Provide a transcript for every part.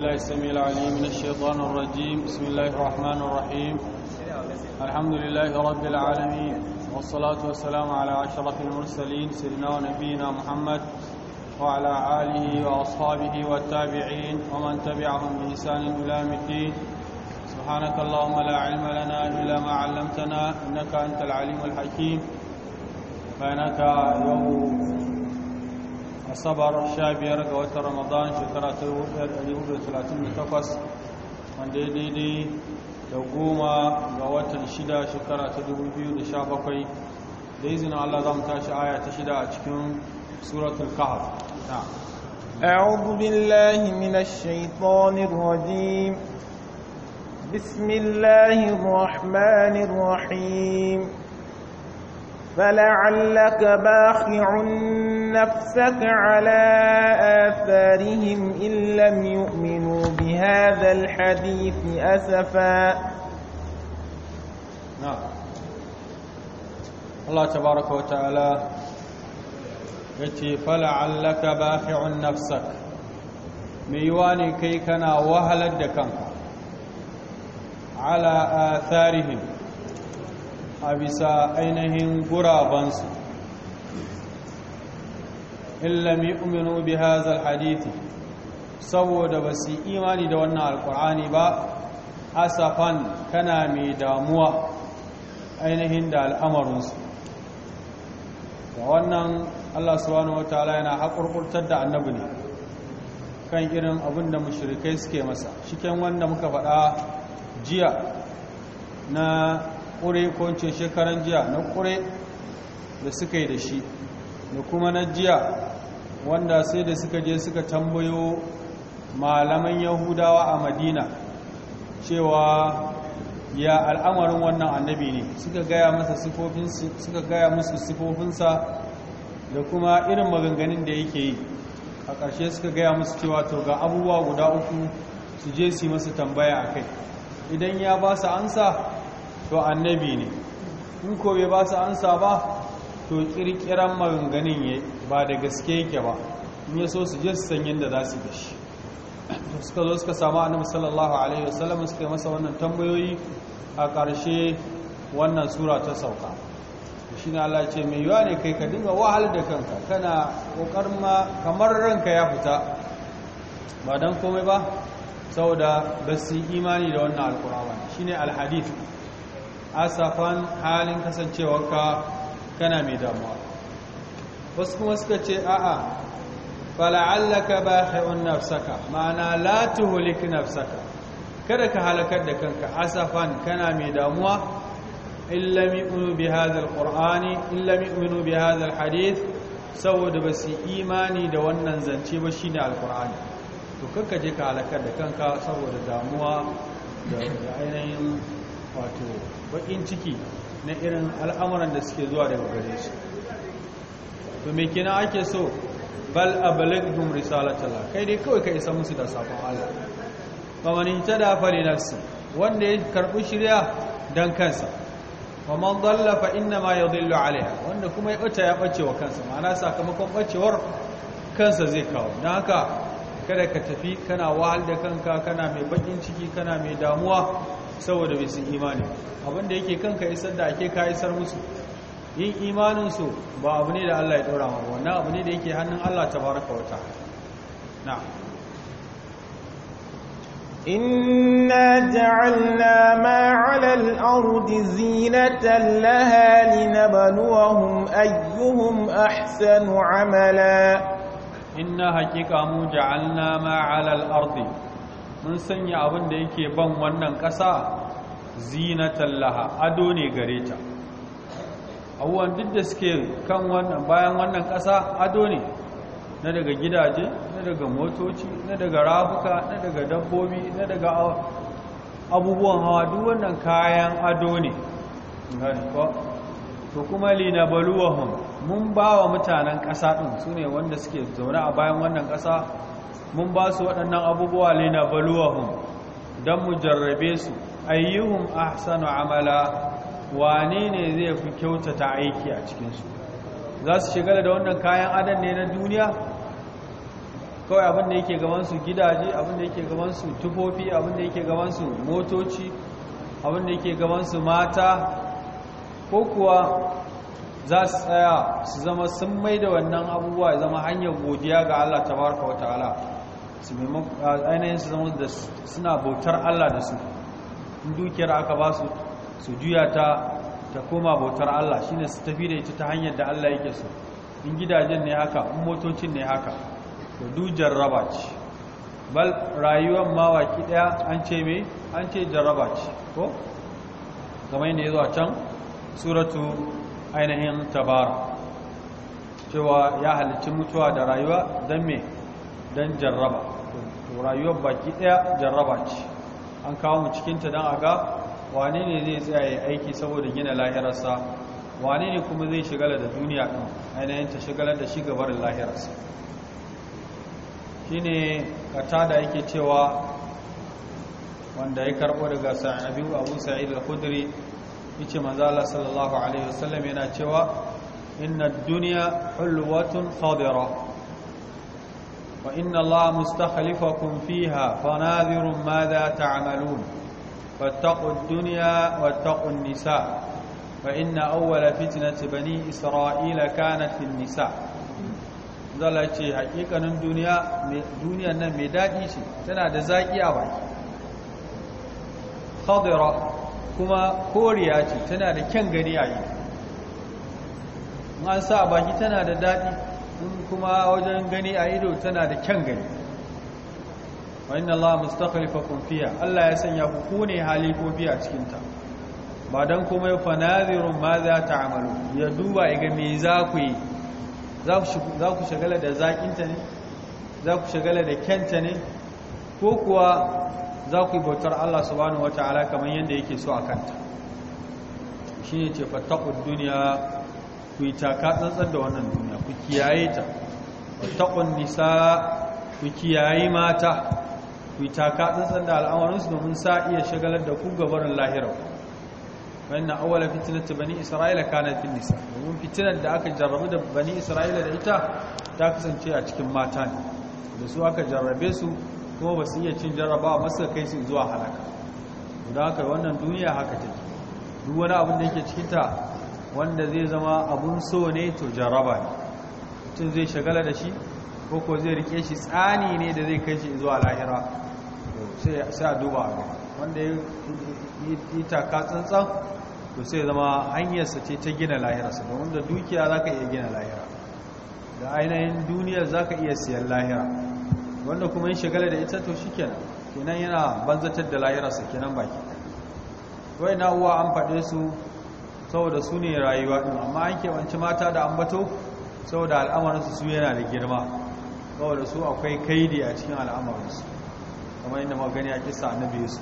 بالله السميع العليم من الشيطان الرجيم بسم الله الرحمن الرحيم الحمد لله رب العالمين والصلاة والسلام على أشرف المرسلين سيدنا ونبينا محمد وعلى آله وأصحابه والتابعين ومن تبعهم بإحسان إلى يوم الدين سبحانك اللهم لا علم لنا إلا ما علمتنا إنك أنت العليم الحكيم فإنك يوم asabar sha biyar ga watan ramadan shekara ta 1438 wanda ya daidai da goma ga watan shida shekara ta 2017 da izinin allah za mu tashi aya ta shida a cikin suratul kahf أعوذ بالله من الشيطان الرجيم بسم الله الرحمن الرحيم فلعلك باخع نفسك على آثارهم إن لم يؤمنوا بهذا الحديث أسفا نعم الله تبارك وتعالى يتي فلعلك باخع نفسك ميواني كي كنا على آثارهم a bisa ainihin gurabansu illami umaru bi hazal hadithi saboda ba su imani da wannan alkur'ani ba asafan kana mai damuwa ainihin da al'amarinsu da wannan allah subhanahu wa ta'ala yana haƙurƙurtar da annabi ne kan irin abin da mashirikai suke masa cikin wanda muka faɗa jiya na ƙure ko ce shekaran jiya na ƙure da suka yi da shi da kuma na jiya wanda sai da suka je suka tambayo malaman yahudawa a madina cewa ya al'amarin wannan annabi ne suka gaya masa musu sifofinsa da kuma irin maganganun da yake yi a ƙarshe suka gaya musu cewa to ga abubuwa guda uku su je su yi masa tambaya a kai idan ya ba su ansa to annabi ne in ko bai ba su ansa ba to kirkiran maganganun ya ba da gaske yake ba in ya so su je su san yadda za su ga shi suka zo suka samu annabi sallallahu alaihi wasallam suka masa wannan tambayoyi a ƙarshe wannan sura ta sauka shi na Allah ce mai yiwa ne kai ka dinga wahal da kanka kana ƙoƙarin ma kamar ranka ya fita ba don komai ba saboda ba imani da wannan Shi ne alhadith asafan halin kasancewarka kana mai damuwa wasu kuma suka ce a'a fala'allaka bakhi'un nafsaka ma'ana latihulik tuhlik nafsaka kada ka halakar da kanka asafan kana mai damuwa illa mi'minu bi hadha alqur'ani illa mi'minu bi hadha Hadith, saboda ba su imani da wannan zance ba shine alqur'ani to kanka je ka halakar da kanka saboda damuwa da ainihin wato bakin ciki na irin al'amuran da suke zuwa daga gare su to me kina ake so bal abalaghum risalatallah kai dai kawai ka isa musu da safa, Allah fa man na falinafsi wanda ya karɓi shirya dan kansa wa man dalla fa inna ma yadhillu alaiha wanda kuma ya bata ya bace wa kansa ma'ana sakamakon bacewar kansa zai kawo dan haka kada ka tafi kana wahal da kanka kana mai bakin ciki kana mai damuwa saboda bai sun imani abin da yake kanka isar da ake ka isar musu yin imaninsu ba abu ne da Allah ya ɗora ma wannan abu ne da yake hannun Allah ta baraka wata na inna ja'alna ma 'ala al-ardi zinatan laha linabluwahum ayyuhum ahsanu 'amala inna haqiqa mu ja'alna ma 'ala al-ardi mun sanya abin da yake ban wannan ƙasa zinatan laha ado ne gare ta abubuwan duk da suke kan wannan bayan wannan ƙasa ado ne na daga gidaje na daga motoci na daga rafuka na daga dabbobi na daga abubuwan hawa duk wannan kayan ado ne to kuma baluwa mun ba wa mutanen ƙasa ɗin su ne wanda suke zaune a bayan wannan ƙasa mun ba su waɗannan abubuwa ne na don mu jarrabe su ayyuhun ahsanu amala wane ne zai fi kyautata aiki a cikinsu za su shigala da wannan kayan adan ne na duniya kawai abin da yake gabansu gidaje abin da yake gabansu tufofi abin da yake gabansu motoci abin da yake gabansu mata ko kuwa za su tsaya su zama sun mai da wannan abubuwa zama hanyar godiya ga Allah tabaraka wa ta'ala su ainihin su zama da suna bautar Allah da su in dukiyar aka ba su su juya ta ta koma bautar Allah shi ne su tafi da ita ta hanyar da Allah yake su in gidajen ne haka in motocin ne haka da du raba ce bal rayuwar mawaki daya an ce mai an ce jaraba ce ko kamar yadda ya zo can suratu ainihin tabara cewa ya halicci mutuwa da rayuwa don mai. don jarraba to rayuwar baki daya jarraba ce an kawo mu cikinta don aga ga wane ne zai tsaye aiki saboda gina lahirarsa wane ne kuma zai shigala da duniya ɗin ainihin ta shigala da shi lahirarsa shi ne kata da yake cewa wanda ya karɓo daga sa'abi abu sa'id al Kuduri? yace ce Manzala sallallahu alaihi wasallam yana cewa inna duniya dunya hulwatun khadira وإن الله مستخلفكم فيها فناذر ماذا تعملون فاتقوا الدنيا واتقوا النساء فإن أول فتنة بني إسرائيل كانت في النساء zala ce hakikanin duniya duniyan nan mai daɗi ce tana da zaƙi a baki khadira kuma koriya ce tana da kyan gani a yi an sa baki tana da daɗi sun kuma wajen gani a ido tana da kyan gani wa inna Allah mustaqalifa kofiya. Allah ya sanya ku kone hali halifofi a cikin ta ba dan kuma fa fanazirun ma za ta amalu ya duba ga me za ku yi za ku shagala da zakinta ne za ku shagala da kyanta ne ko kuwa za ku bautar Allah subhanahu wata'ala kamar yadda yake so a kanta shi ne ce fattaƙun duniya ku yi taka tsantsar da wannan duniya ku kiyaye ta taƙon nisa ku kiyaye mata ku taka tsantsan da al'amuransu domin sa iya shagalar da ku gabarin lahirar awala awwala ta bani isra'ila kanat nisa domin fitinar da aka jarrabu da bani isra'ila da ita ta kasance a cikin mata ne da su aka jarrabe su kuma ba su iya cin jarrabawa masu kai su zuwa halaka guda haka wannan duniya haka take duk wani abin da yake cikinta wanda zai zama abun so ne to jarraba ne mutum zai shagala da shi ko ko zai rike shi tsani ne da zai kai shi zuwa lahira sai a duba wanda ya yi taka tsantsan to sai zama hanyarsa ce ta gina lahirarsa da dukiya za iya gina lahira da ainihin duniyar za iya siyan lahira wanda kuma yin shagala da ita to shikenan kenan yana banzatar da lahirarsa kenan baki wai na uwa an faɗe su saboda su ne rayuwa din amma an keɓanci mata da ambato sau da al'amarinsu su yana da girma da su akwai kaidi a cikin al'amarinsu kamar inda magani a kisa na biyu su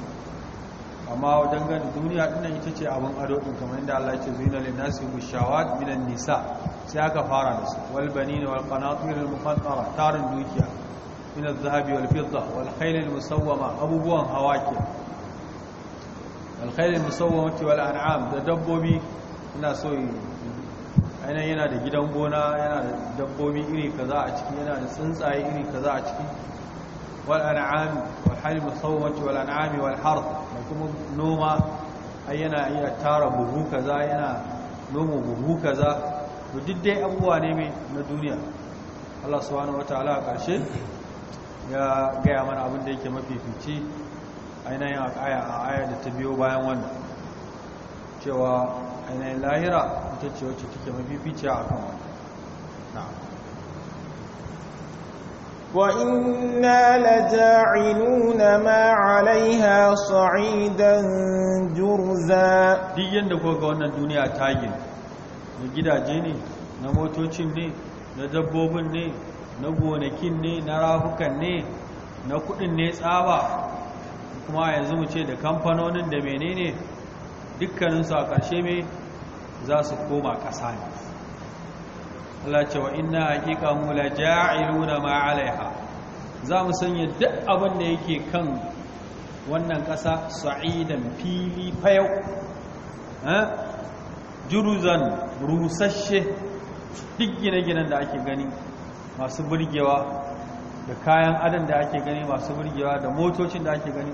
amma dangane duniya dinnan ita ce abin ado din kamar inda Allah ya ce zina lin nasi mushawat minan nisa sai aka fara da su wal banin wal qanatir al muqantara tarin dukiya min zahabi wal fidda wal khayl al musawwama abubuwan hawa hawaki al khayl al musawwama wal an'am da dabbobi ina so ainihin yana da gidan gona yana da dabbobi iri kaza a ciki yana da tsuntsaye iri kaza a ciki wal an'am wal halm musawwati wal an'am wal har da kuma noma ai yana iya tara buhu kaza yana noma buhu kaza to duk dai abubuwa ne mai na duniya Allah subhanahu wataala a karshe ya gaya mana abin da yake mafifici ainihin a aya a aya da ta biyo bayan wannan cewa ainihin lahira ita ce wacce take mafificiya a kan wani وإنا لجاعلون ما عليها صعيدا جرزا duk wannan duniya ta gina na gidaje ne na motocin ne na dabbobin ne na gonakin ne na rahukan ne na kudin ne tsaba kuma yanzu mu ce da kamfanonin da menene dukkaninsu a ƙarshe mai za su koma ƙasa ne Allah ce wa ina haƙiƙa mu ja'iluna ma 'alaiha za mu sanya duk abin da yake kan wannan ƙasa sa'idan fili fayau juruzan rusasshe duk gine-ginen da ake gani masu burgewa da kayan adan da ake gani masu burgewa da motocin da ake gani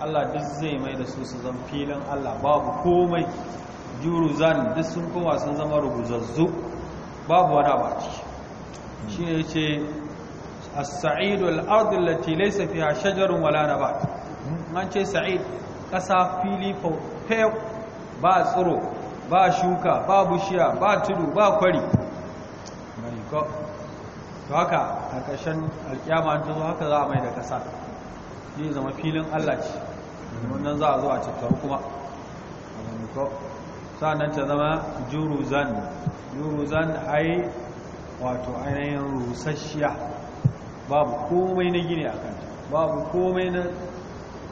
Allah duk zai mai da su su zan filin Allah babu komai juruzan duk sun kowa sun zama rubuzazzu babu wani abu shi ne ce a saidu al'adun ardu allati laysa fiha shajarun wala na ba an ce sa'id kasa fili fau ba tsoro ba shuka ba bushiya ba tudu ba kwari bariko to haka a ƙarshen alƙiyama ta zo haka za a mai da kasa zai zama filin allaci wannan za a zo a cikin kuma bariko sa'annan ta zama juruzan juruzan ai wato ainihin rusasshiya babu komai na gini a kanta babu komai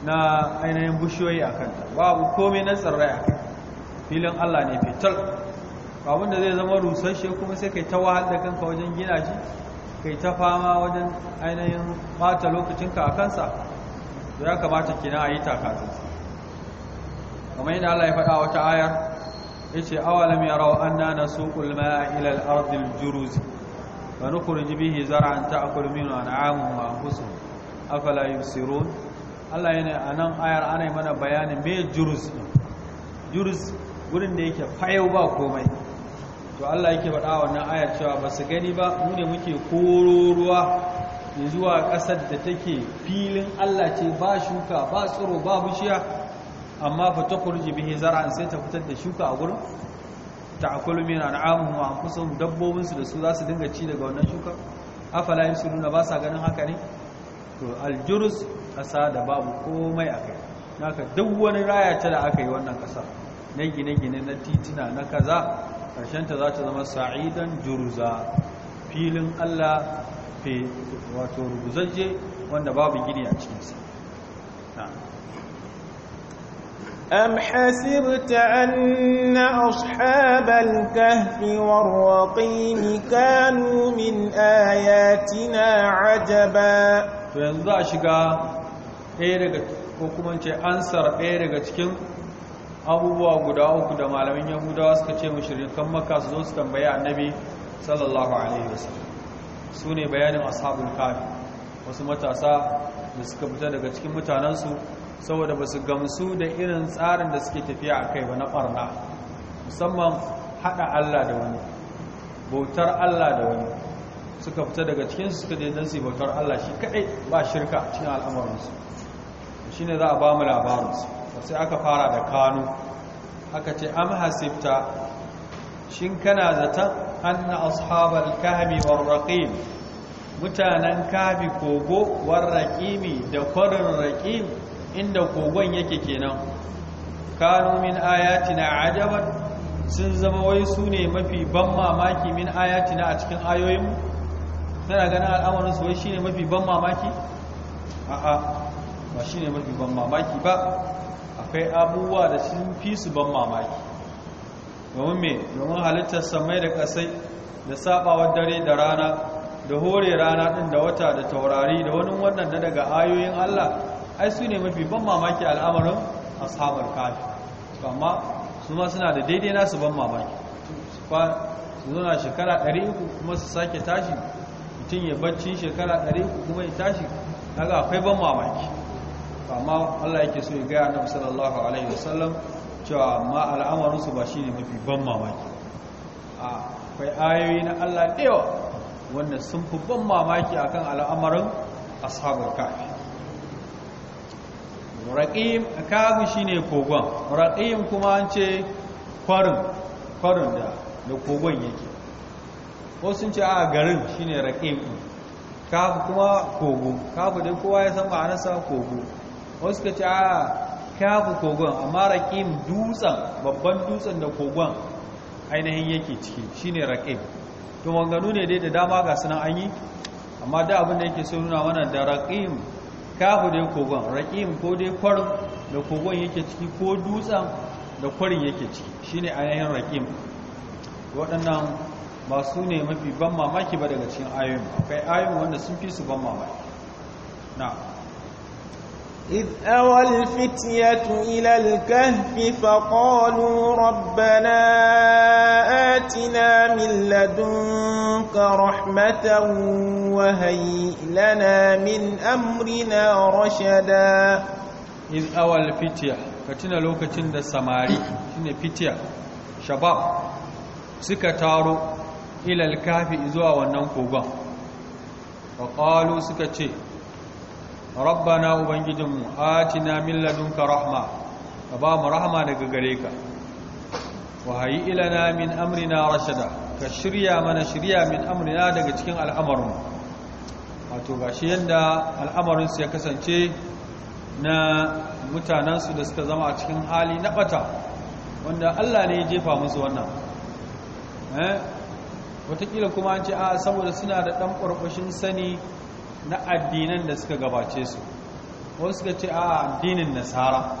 na ainihin bushiyoyi a kanta babu komai na tsirrai a kanta filin allah ne fitar Babu da zai zama rusasshe kuma sai kai ta wahal da kanka wajen gina shi kai ta fama wajen ainihin bata lokacinka a kansa ya kamata kina a yi takatunsa kamar yadda allah ya faɗa wata ayar yace awalam yarau anna nasuqul ma'a ila al-ardi al-juruz wa nukhrij bihi zar'an ta'kul minhu an'amuhum wa anfusuhum afala yusirun Allah yana anan ayar ana mana bayanin me juruz juruz gurin da yake fayau ba komai to Allah yake faɗa wannan ayar cewa ba su gani ba mu ne muke koro ruwa zuwa ƙasar da take filin Allah ce ba shuka ba tsiro ba bishiya amma fa ta kurji bihi zar'an sai ta fitar da shuka a gurin ta akulu min an'amuhum wa anfusuhum dabbobin su da su zasu dinga ci daga wannan shuka afala yusiluna ba sa ganin haka ne to aljurus kasa da babu komai akai naka duk wani raya ta da aka yi wannan kasa na gine-gine na titina na kaza karshen ta za ta zama sa'idan juruza filin Allah fe wato rubuzajje wanda babu gini a cikinsa أم حسبت أن أصحاب الكهف والرقيم كانوا من آياتنا عجبا فينزو أشقى إيرغت وكمانشي أنصر إيرغت abubuwa guda uku da malamin yahudawa suka ce mashirikan makka su zo su tambaye annabi sallallahu alaihi wasallam su ne bayanin ashabul kafi wasu matasa da suka fita daga cikin mutanensu saboda ba su gamsu da irin tsarin da suke tafiya a kai ba na ɓarna musamman haɗa Allah da wani bautar Allah da wani suka fita daga cikinsu suka je su bautar Allah shi kaɗai ba shirka cikin al'amuransu shi ne za a ba mu labarinsu sai aka fara da Kano. aka ce an hasibta shin kana zaton anna ashabal kahami wa rakim, mutanen kabi kogo wa da kwarin raqim inda kogon yake kenan kanu min ayatina ajaban sun zama wai su ne mafi ban mamaki min ayatina a cikin ayoyinmu tana ganin al'amarin su wai shine mafi ban mamaki a'a ba shine mafi ban mamaki ba akwai abubuwa da sun fi su ban mamaki domin me domin halittar samai da kasai da sabawar dare da rana da hore rana din da wata da taurari da wani wannan da daga ayoyin Allah ai su ne mafi ban mamaki al'amarin ashabar kafi to amma su ma suna da daidai nasu ban mamaki su fa su na shekara 300 kuma su sake tashi mutum ya bacci shekara 300 kuma ya tashi kaga akwai ban mamaki amma Allah yake so ya gaya annabi sallallahu alaihi wasallam cewa amma al'amarin su ba shine mafi ban mamaki akwai ayoyi na Allah da yawa wanda sun fi ban mamaki akan al'amarin ashabul kafi raƙim kagu shine kogon raƙim kuma an ce kwarin kwarin da da kogon yake ko sun ce a garin shine raƙim kafin kuma kogo kagu dai kowa ya san sa kogo wasu ka ce a kagu kogon amma raƙim dutsen babban dutsen da kogon ainihin yake ciki shine raƙim to ne dai da dama ga sunan an yi amma da abin da yake so nuna mana da raƙim kafu dai kogon raƙim ko dai kwarin da kogon yake ciki ko dutsen da kwarin yake ciki shine ayoyin raƙim waɗannan ba su ne mafi ban mamaki ba daga cikin ayoyin akwai ayoyin wanda sun fi su ban mamaki na إذ أوى الفتية إلى الكهف فقالوا ربنا آتنا من لدنك رحمة وهيئ لنا من أمرنا رشدا إذ أوى الفتية فتنا لوكتين دا سماري شنو فتية شباب سكتارو إلى الكهف إذوا وننقوا فقالوا سكتشي rabbana ubangijinmu na min ladunka rahma ka ba mu rahma daga gare ka wa hayi ilana min amrina rashada ka shirya mana shirya min amrina daga cikin al'amarin wato gashi yadda al'amarin su ya kasance na mutanensu da suka zama a cikin hali na bata wanda Allah ne ya jefa musu wannan eh? Wataƙila kuma an ce a saboda suna da ɗan ƙwarƙwashin sani na addinan da suka gabace su wasu suka ce a addinin nasara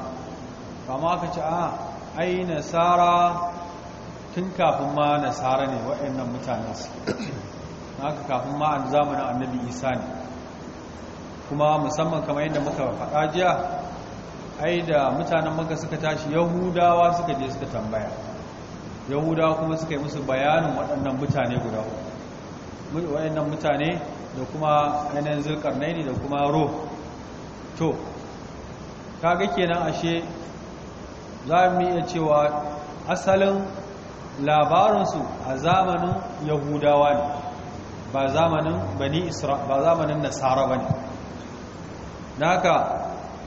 kama aka ce a ai nasara tun kafin ma nasara ne waɗannan mutane su Na haka kafin ma a zamanin annabi isa ne kuma musamman kama yadda muka faɗa jiya ai da mutanen maka suka tashi yahudawa suka je suka tambaya yahudawa kuma suka yi musu bayanin waɗannan mutane guda waɗannan mutane da kuma ainihin zulkarnaini da kuma ro to kaga kenan ashe za mu iya cewa asalin labarinsu a zamanin yahudawa ne ba zamanin bani isra ba zamanin nasara ba ne naka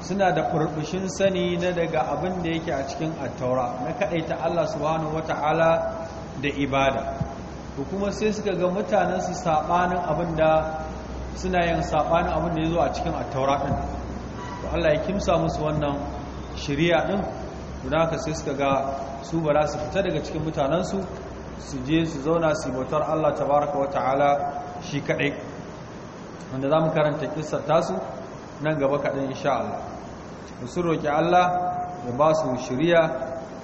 suna da furfushin sani na daga abin da yake a cikin attaura na kaɗaita Allah subhanahu wata'ala da ibada to kuma sai suka ga mutanen su sabanin abin da suna yin sabanin abin da yazo a cikin at-taura din to Allah ya kimsa musu wannan shari'a din don haka sai suka ga su ba su fita daga cikin mutanen su su je su zauna su bautar Allah tabaraka wa ta'ala shi kadai wanda zamu karanta kissar tasu nan gaba kadan insha Allah su roki Allah ya ba su shari'a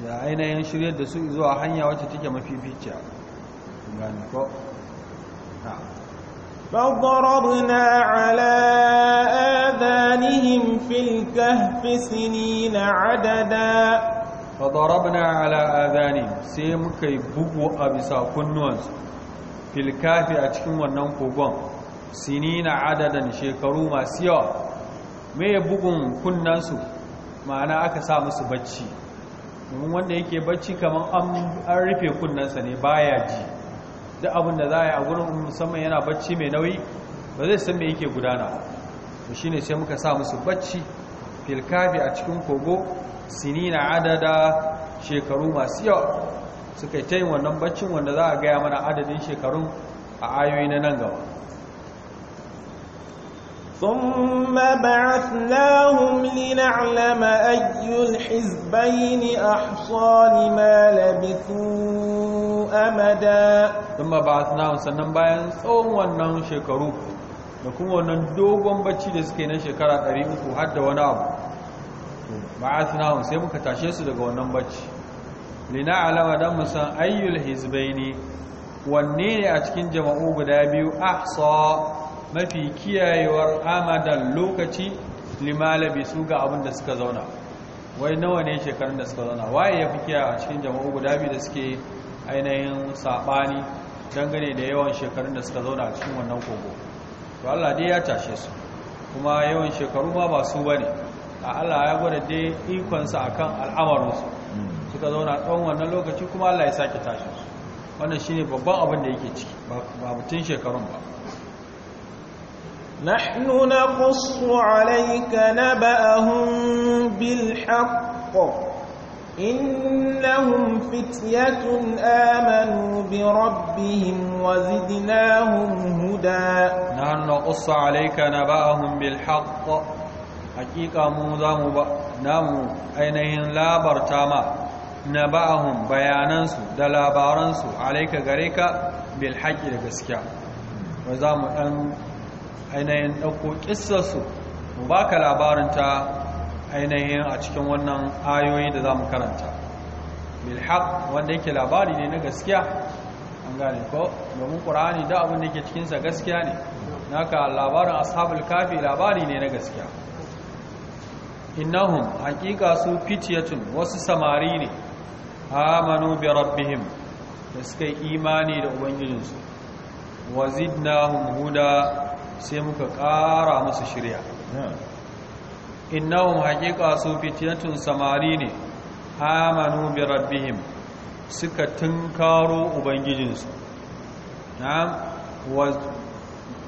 ya ainihin shiryar da su zuwa hanya wacce take mafificiya فضربنا على آذانهم في الكهف سنين عددا فضربنا على آذانهم سيمك يبقوا أبسا كنوز في الكهف أتكم وننقبون سنين عددا شكروا ما سيوا ما يبقون كننسوا ma'ana aka sa musu bacci domin wanda yake bacci kamar an rufe kunnensa ne duk abin da za a yi a wurin musamman yana bacci mai nauyi ba zai san mai yake gudana ba shi ne sai muka sa musu bacci filkafi a cikin kogo na adada shekaru masu yawa suka yi wannan baccin wanda za a gaya mana adadin shekaru a ayoyi na nan gaba ثم بعثناهم لنعلم أي الحزبين أحصى لما لبثوا amada sun ba su ba'athnahu sannan bayan tsawon wannan shekaru da kuma wannan dogon bacci da suke na shekara 300 har da wani abu ba a su ba'athnahu sai muka tashe su daga wannan bacci lina alama don musan ayyul hizbaini wanne ne a cikin jama'u guda biyu a so mafi kiyayewar amadan lokaci limalabi su ga abin da suka zauna wai nawa ne shekarun da suka zauna waye ya fi kiyaye a cikin jama'u guda biyu da suke ainihin saɓani dangane da yawan shekarun da suka zauna a cikin wannan kogo to Allah dai ya tashe su kuma yawan shekaru ma ba su bane a Allah ya gwada dai ikonsa akan al'amarinsu suka zauna tsawon wannan lokaci kuma Allah ya sake tashe su wannan shine babban abin da yake ciki ba mutun shekarun ba نحن نقص عليك نبأهم بالحق إنهم فتية آمنوا بربهم وزدناهم هدى نحن نقص عليك نبأهم بالحق حقيقة موزام نامو أينهن لا برتاما نبأهم بيانانسو دلابارانسو عليك غريكا بالحق لغسكا وزام أن ainihin ɗauko ƙissarsu mu baka labarinta ainihin a cikin wannan ayoyi da za mu karanta bilhaq wanda yake labari ne na gaskiya an gane ko domin ƙura'ani da abin da cikinsa gaskiya ne naka labarin ashabul kafi labari ne na gaskiya innahum haƙiƙa su fitiyatun wasu samari ne amanu bi rabbihim da suka yi imani da ubangijinsu wazidnahum huda sai muka ƙara musu shirya innahum haqiqa su fitnatun samari ne amanu bi rabbihim suka tunkaro ubangijinsu na'am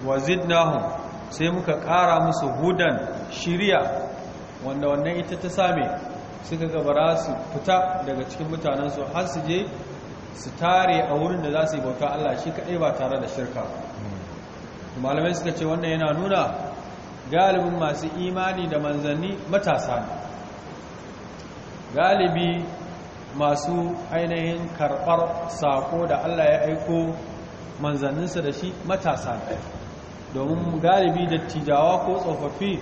wazidnahum sai muka ƙara musu hudan shiriya wanda wannan ita ta same suka gabara su fita daga cikin mutanensu har su je su tare a wurin da za su yi bauta Allah shi kaɗai ba tare da shirka malamai suka ce wannan yana nuna galibin masu imani da manzanni matasa galibi masu ainihin karɓar sako da Allah ya aiko manzanninsa da shi matasa domin galibi da tijawa ko tsofaffi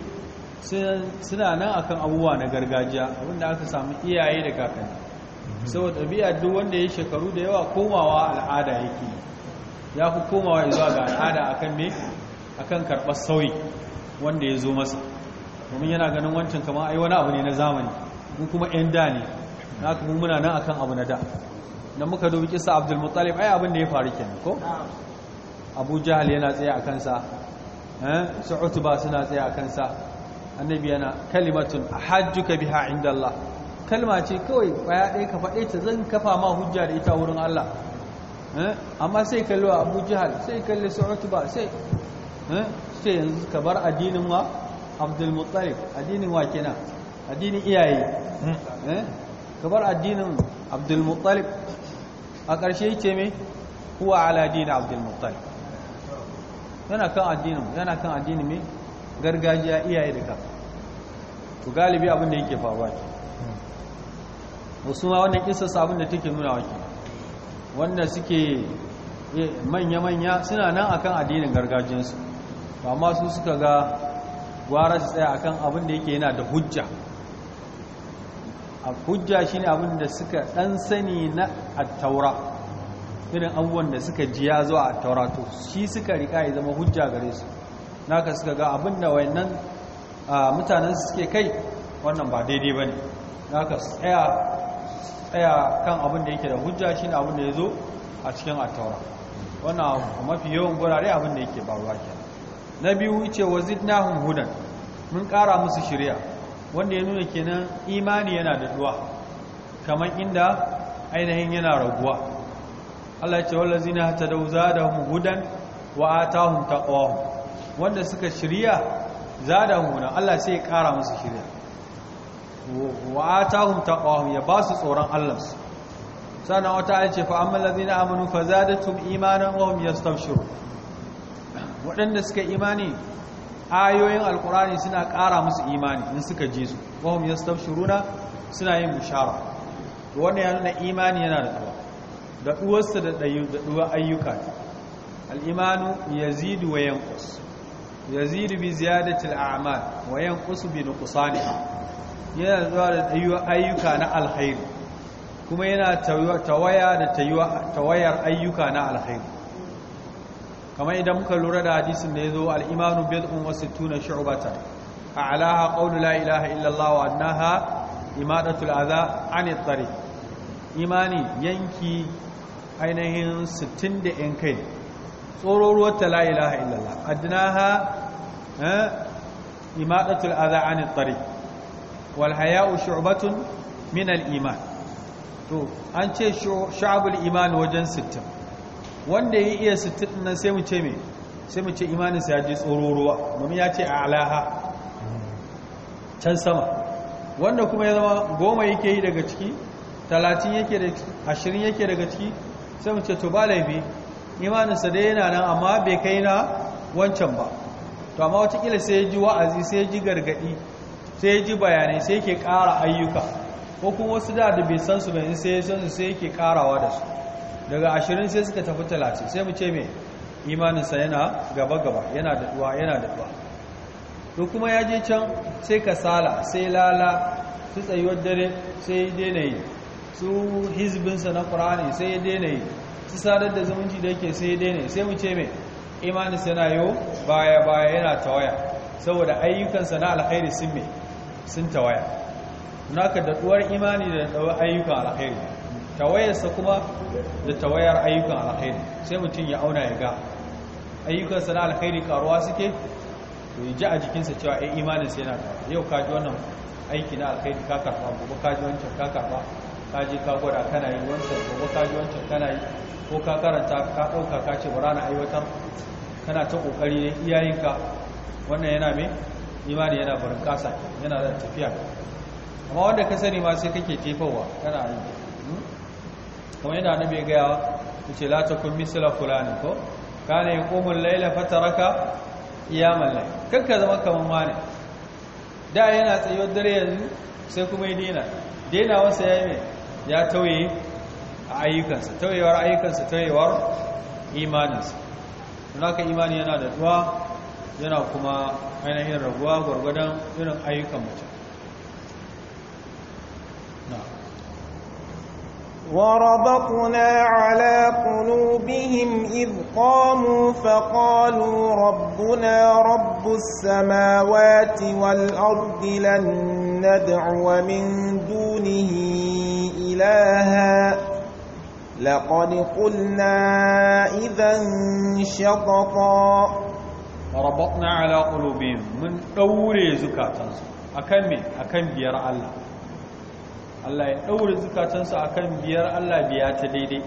suna nan akan abubuwa na gargajiya abinda aka samu iyaye da kakanni mhm. saboda ɗabi'a duk wanda ya shekaru da yawa komawa al'ada yake ya ku komawa zuwa ga al'ada akan me akan karɓar sauyi wanda ya zo masa domin yana ganin wancan kama ai wani abu ne na zamani mu kuma 'yan da ne na haka mun muna nan akan abu na da na muka dubi kisa abdul muttalib ai abin da ya faru kenan ko abu jahal yana tsaye a kansa eh? su ba suna tsaye a kansa annabi yana kalimatun ahajjuka biha inda Allah kalma ce kawai baya ɗaya ka faɗe ta zan kafa ma hujja da ita wurin Allah eh? amma sai kalli wa abu jihar sai kalli su ba sai eh? ce yanzu ka bar addinin wa abdulmuttalib addinin wa kenan addinin iyaye hmm. eh? ka bar addinin abdulmuttalib a ƙarshe ce me huwa ala dini abdulmuttalib yana kan addinin yana kan addinin me gargajiya iyaye da ka to galibi abin da yake faruwa ke wasu ma wannan kisa sabon da take nuna wake wanda suke eh, manya-manya suna nan akan addinin gargajiyarsu ba su suka ga gwara su tsaya akan abin da yake yana da hujja a hujja ne abin da suka dan sani na attaura irin abubuwan da suka ji ya zo a attaura to shi suka rika ya zama hujja gare su naka suka ga abin da wayannan mutanen suke kai wannan ba daidai ba ne naka tsaya tsaya kan abin da yake da hujja shi ne abin da ya zo a cikin attaura wannan mafi yawan gurare abin da yake ba ruwa kenan na biyu ce wa zidnahum hudan mun ƙara musu shirya wanda ya nuna kenan imani yana da duwa kamar inda ainihin yana raguwa Allah ya ce wallazina za da hudan wa atahum taqwahum wanda suka shirya za da hudan Allah sai ya ƙara musu shirya wa atahum taqwahum ya ba su tsoron Allah su sannan wata ce fa amma allazina amanu imanin imanan wa hum yastabshirun waɗanda suka imani ayoyin alkurani suna ƙara musu imani in suka ji su wahum yastabshiruna suna yin bushara to wannan ya nuna imani yana da tuwa da ɗuwarsa da ɗuwa ayyuka al'imanu yazidu wa ya zidu bi ziyadatul amal wa yanqus bi nuqsaniha yana zuwa da ɗuwa ayyuka na alkhairi kuma yana tawaya da tawayar ayyuka na alkhairi kamar idan muka lura da hadisin da ya zo al'imanu bid'un wasu tuna shu'ubatan a alaha ƙaunu la ilaha illallah wa annaha imadatul aza an tsari imani yanki ainihin 60 da ‘yan kai tsororuwarta la ilaha illallah adnaha eh, imadatul aza an tsari walhaya'u shu'ubatun min al'iman to an ce sha'abul iman wajen 60 wanda ya iya sittin nan sai mu ce me sai mu ce imaninsa ya ji tsororuwa domin ya ce a alaha can sama wanda kuma ya zama goma yake yi daga ciki talatin yake da ashirin yake daga ciki sai mu ce to ba laifi imaninsa dai yana nan amma bai kai na wancan ba to amma watakila sai ya ji wa'azi sai ya ji gargaɗi sai ya ji bayanai sai yake ƙara ayyuka ko kuma wasu da da bai san su bai sai ya san su sai yake ƙarawa da su daga ashirin sai suka tafi talatin sai mu ce mai imaninsa yana gaba-gaba yana daɗuwa yana daɗuwa to kuma ya je can sai kasala sai lala su tsayuwar dare sai ya daina yi su hizbinsa na ƙura'ani sai ya daina yi su sadar da zumunci da yake sai ya daina yi sai mu ce mai imaninsa yana yau baya-baya yana tawaya saboda ayyukansa na alkhairi sun mai sun tawaya naka daɗuwar imani da daɗuwar ayyukan alkhairi tawayarsa kuma da tawayar ayyukan alkhairi sai mutum ya auna ya ga ayyukansa na alkhairi karuwa suke to ya ji a jikinsa cewa ai eh, imanin sai yana karuwa yau ka ji wannan aiki na alkhairi ka karba gobe ka ji wancan ka karba ka ka gwada kana yi wancan gobe ka ji wancan kana yi ko ka karanta ka ɗauka ka ce bura na aiwatar kana ta ƙoƙari ne iyayenka wannan yana mai imani yana barin ƙasa yana da tafiya amma wanda ka sani ma sai kake tefawa kana yi kuma yana nabi bai gaya ya ce la takun misla fulani ko kana laila layla fataraka iyamul mallai kanka zama kaman ne. da yana tsayo dare yanzu sai kuma ya dina dina wasa yi me ya tauye a ayyukansa tauyewar ayyukansa tauyewar imaninsa don haka imani yana da duwa yana kuma ainihin raguwa gwargwadon irin ayyukan mutum وربطنا على قلوبهم إذ قاموا فقالوا ربنا رب السماوات والأرض لن ندعو من دونه إلها لقد قلنا إذا شططا وربطنا على قلوبهم من دوري زكاة أكمل أكمل يرى الله Allah ya ɗaure zukatansu a kan biyar Allah biya ta daidai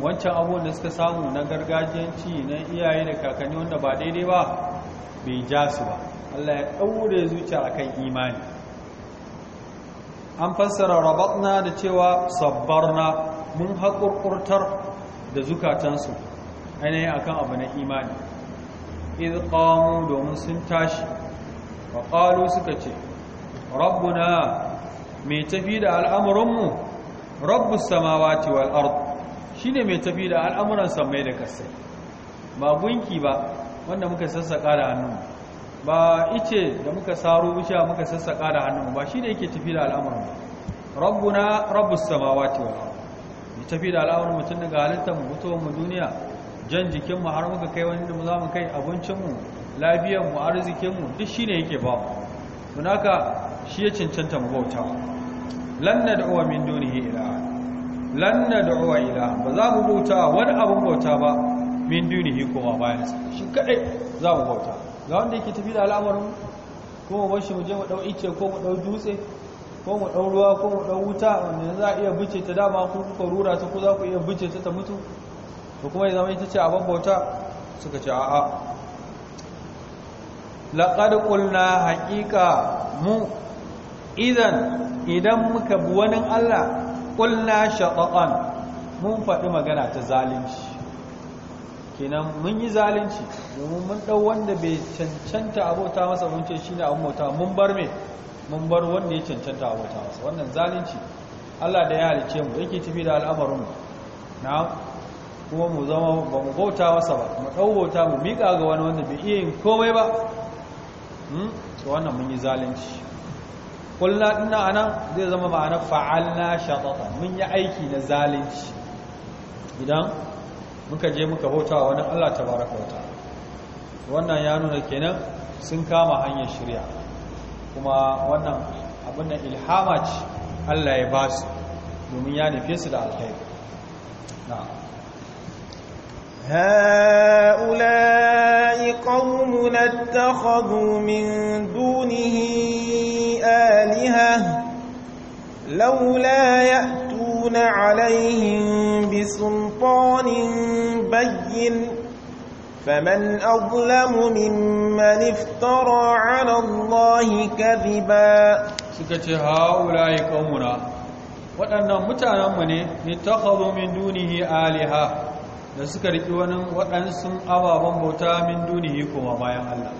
wancan abubuwan da suka samu na gargajiyanci na iyaye da kakanni wanda ba daidai ba bai ja su ba Allah ya ɗaure zuciya a kan imani an fassara rabatna da cewa sabbarna mun haƙurƙurtar da zukatansu ainihin akan abu na imani idh domin sun tashi wa suka ce rabbuna mai tafi da al'amuranmu rabbus wa wal shi shine mai tafi da al'amuran samai da kasai ba gunki ba wanda muka sassaƙa da hannunmu ba ice da muka saro bishiya muka sassaƙa da hannunmu ba shine yake tafi da al'amuran rabbuna rabbus samawa ce wa. mai tafi da al'amuran tun daga halittar mu mu duniya jan jikinmu har muka kai wani da mu zamu kai mu lafiyar mu arzikin mu duk shine yake ba mu don shi ya cancanta mu bauta lan da'uwa min dunihi ilaha lan da'uwa ilaha ba za mu bauta wani abun bauta ba min dunihi kuma bayan sa shi kadai za mu bauta ga wanda yake tafi da al'amarin ko mu shi mu je mu dau ice ko mu dau dutse ko mu dau ruwa ko mu dau wuta wanda za a iya bice ta dama ko kuka rura ta ko za ku iya bice ta ta mutu to kuma ya zama ita ce abun bauta suka ce a'a laqad qulna haqiqa mu idan idan muka bi wani Allah kulna shaqaqan mun faɗi magana ta zalunci kenan mun yi zalunci domin mun ɗau wanda bai cancanta abota masa mun ce shi ne abun bauta mun bar me mun bar wanda ya cancanta abota masa wannan zalunci Allah da ya halice mu yake tafi da al'amarin mu na kuma mu zama ba mu bauta masa ba mu ɗau bauta mu miƙa ga wani wanda bai iya yin komai ba hmm? wannan mun yi zalunci kulna dinna anan zai zama ma'anar fa'alna shatata mun yi aiki na zalunci idan muka je muka bauta wani Allah ta wata wannan ya nuna kenan sun kama hanyar shirya kuma wannan abin da ilhama ce Allah ya ba su domin ya nufe su da alkhairi na'am هؤلاء قوم اتخذوا من دونه آلهة لولا يأتون عليهم بسلطان بين فمن أظلم ممن افترى على الله كذبا سكت هؤلاء قومنا waɗannan mutanenmu ne littakhadhu min dunihi aliha da suka riki wani waɗansu ababen bauta min dunihi kuma bayan Allah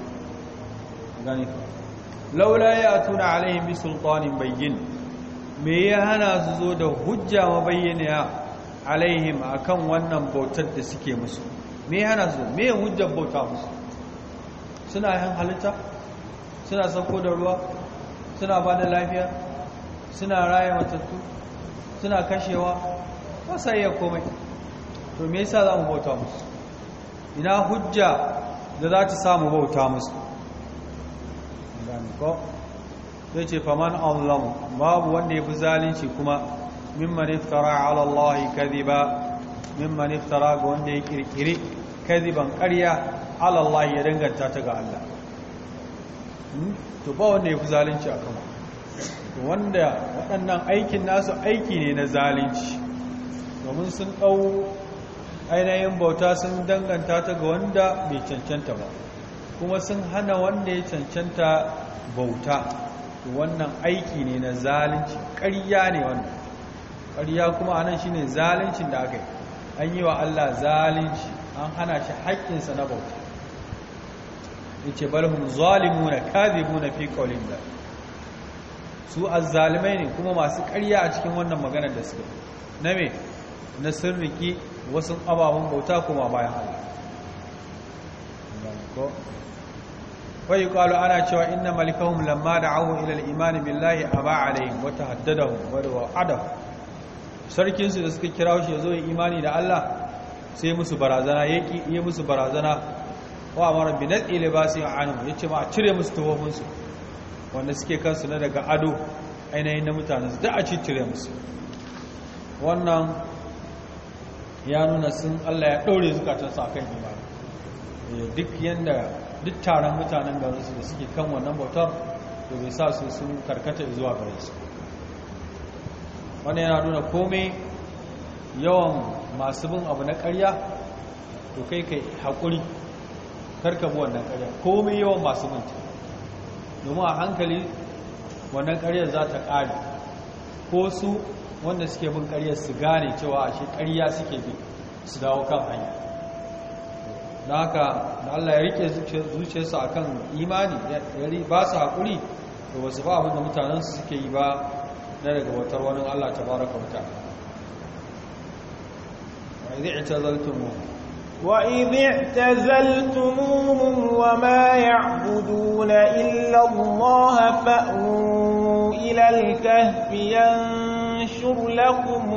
gani laula tuna alaihim bi sultanin bayyin me ya hana su zo da hujja bayyana alaihim akan wannan bautar da suke musu me ya hana su me ya hujja bauta musu suna yin halitta suna sauko da ruwa suna ba da lafiya suna raya matattu suna kashewa ba sa iya komai to me yasa za mu bauta musu ina hujja da za ta samu bauta musu gane ko sai ce faman azlamu babu wanda ya fi zalunci kuma mimman iftara alallahi Allah kadhiba mimman iftara ga wanda ya kirkiri kadhiban ban karya Allah ya danganta ta ga Allah hmm? to ba wanda ya fi zalunci kama. wanda waɗannan aikin nasu aiki ne na zalunci domin sun ɗau ainihin bauta sun danganta ta ga wanda bai cancanta ba kuma sun hana wanda ya cancanta bauta wannan aiki ne na zalunci ƙarya ne wannan ƙarya kuma a nan shi ne zaluncin da aka yi an yi wa Allah zalunci an hana shi haƙƙinsa na bauta ce, na kabe mu na fi da su azzalimai ne kuma masu ƙarya a cikin wannan maganar da suke na me na sirriki wasu ababen bauta kuma bayan Allah Wai kwalo ana cewa inna malikahum lamma da'awu ila al-iman billahi aba alayhim wa tahaddadahu wa Adam. sarkin su da suka kira shi yazo yin imani da Allah sai musu barazana yaki yi musu barazana wa amara bi nad'i libasi anhum yace ma a cire musu tawafin su wanda suke kansu na daga ado ainihin na mutanen su da a cire musu wannan ya nuna sun Allah ya daure zukatansu akan imani duk yadda duk taron mutanen garin su da suke kan wannan bautar to bai sa su sun karkata zuwa gare su Wani yana nuna komai yawan masu bin abu na karya to kai kai haƙuri karkabu wannan karya komai yawan masu bin ta domin a hankali wannan karyar za ta ƙare ko su wanda suke bin karyar su gane cewa ashe karya suke bi su dawo kan hanyar don haka da Allah ya rike zuciyarsu akan imani ya ba su haƙuri da wasu ba da mutanensu suke yi ba na daga watar wani Allah ta baraka wuta وإذ اعتزلتموهم وإذ اعتزلتموهم وما يعبدون إلا الله فأووا إلى الكهف ينشر لكم